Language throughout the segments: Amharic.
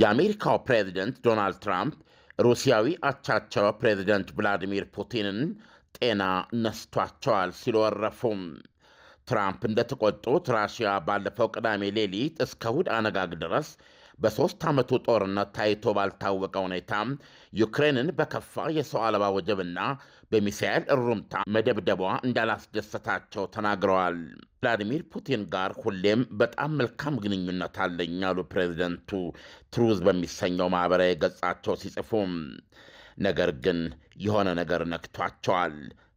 የአሜሪካው ፕሬዚደንት ዶናልድ ትራምፕ ሩሲያዊ አቻቸው ፕሬዚደንት ቭላዲሚር ፑቲንን ጤና ነስቷቸዋል ሲሉ ወረፉም። ትራምፕ እንደተቆጡት ራሽያ ባለፈው ቅዳሜ ሌሊት እስከ እሑድ አነጋግ ድረስ በሦስት ዓመቱ ጦርነት ታይቶ ባልታወቀ ሁኔታ ዩክሬንን በከፋ የሰው አልባ ወጀብና በሚሳኤል እሩምታ መደብደቧ እንዳላስደሰታቸው ተናግረዋል። ቭላዲሚር ፑቲን ጋር ሁሌም በጣም መልካም ግንኙነት አለኝ አሉ ፕሬዚደንቱ ትሩዝ በሚሰኘው ማኅበራዊ ገጻቸው ሲጽፉ ነገር ግን የሆነ ነገር ነክቷቸዋል።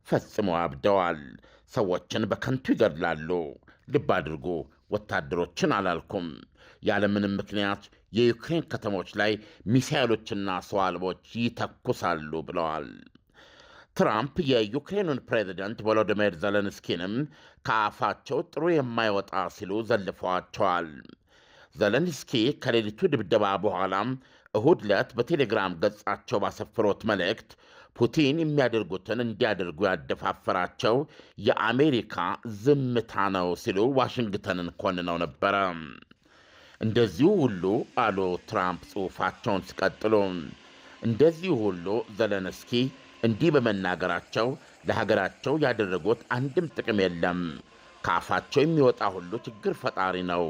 ፈጽሞ አብደዋል። ሰዎችን በከንቱ ይገድላሉ። ልብ አድርጉ፣ ወታደሮችን አላልኩም። ያለምንም ምክንያት የዩክሬን ከተሞች ላይ ሚሳይሎችና ሰው አልቦች ይተኩሳሉ ብለዋል። ትራምፕ የዩክሬኑን ፕሬዚደንት ቮሎዲሚር ዘለንስኪንም ከአፋቸው ጥሩ የማይወጣ ሲሉ ዘልፈዋቸዋል። ዘለንስኪ ከሌሊቱ ድብደባ በኋላ እሁድ ዕለት በቴሌግራም ገጻቸው ባሰፈሩት መልእክት ፑቲን የሚያደርጉትን እንዲያደርጉ ያደፋፈራቸው የአሜሪካ ዝምታ ነው ሲሉ ዋሽንግተንን ኮንነው ነበረ። እንደዚሁ ሁሉ አሉ ትራምፕ ጽሑፋቸውን ሲቀጥሉ፣ እንደዚሁ ሁሉ ዘለንስኪ እንዲህ በመናገራቸው ለሀገራቸው ያደረጉት አንድም ጥቅም የለም። ከአፋቸው የሚወጣ ሁሉ ችግር ፈጣሪ ነው፣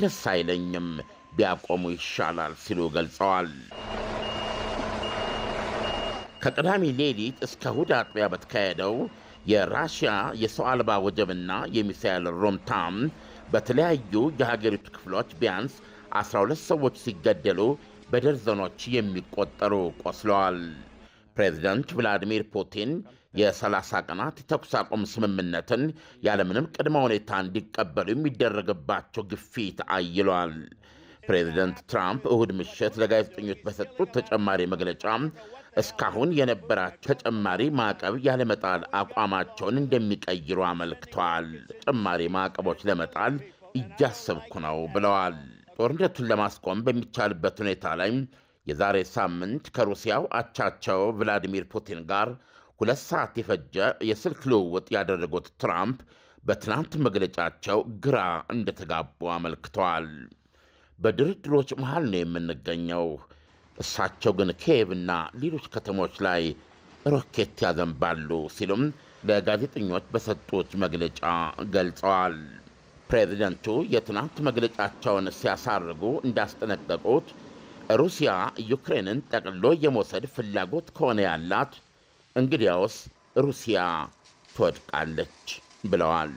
ደስ አይለኝም፣ ቢያቆሙ ይሻላል ሲሉ ገልጸዋል። ከቅዳሜ ሌሊት እስከ እሁድ አጥቢያ በተካሄደው የራሽያ የሰው አልባ ወጀብና የሚሳኤል ሮምታም በተለያዩ የሀገሪቱ ክፍሎች ቢያንስ 12 ሰዎች ሲገደሉ በደርዘኖች የሚቆጠሩ ቆስለዋል። ፕሬዚደንት ቭላዲሚር ፑቲን የ30 ቀናት የተኩስ አቁም ስምምነትን ያለምንም ቅድመ ሁኔታ እንዲቀበሉ የሚደረግባቸው ግፊት አይሏል። ፕሬዚደንት ትራምፕ እሁድ ምሽት ለጋዜጠኞች በሰጡት ተጨማሪ መግለጫ እስካሁን የነበራቸው ተጨማሪ ማዕቀብ ያለመጣል አቋማቸውን እንደሚቀይሩ አመልክተዋል። ተጨማሪ ማዕቀቦች ለመጣል እያሰብኩ ነው ብለዋል። ጦርነቱን ለማስቆም በሚቻልበት ሁኔታ ላይ የዛሬ ሳምንት ከሩሲያው አቻቸው ቭላዲሚር ፑቲን ጋር ሁለት ሰዓት የፈጀ የስልክ ልውውጥ ያደረጉት ትራምፕ በትናንት መግለጫቸው ግራ እንደተጋቡ አመልክተዋል። በድርድሮች መሃል ነው የምንገኘው። እሳቸው ግን እና ሌሎች ከተሞች ላይ ሮኬት ያዘንባሉ ሲሉም ለጋዜጠኞች በሰጡት መግለጫ ገልጸዋል። ፕሬዚደንቱ የትናንት መግለጫቸውን ሲያሳርጉ እንዳስጠነቀቁት ሩሲያ ዩክሬንን ጠቅሎ የመውሰድ ፍላጎት ከሆነ ያላት እንግዲያውስ ሩሲያ ትወድቃለች ብለዋል።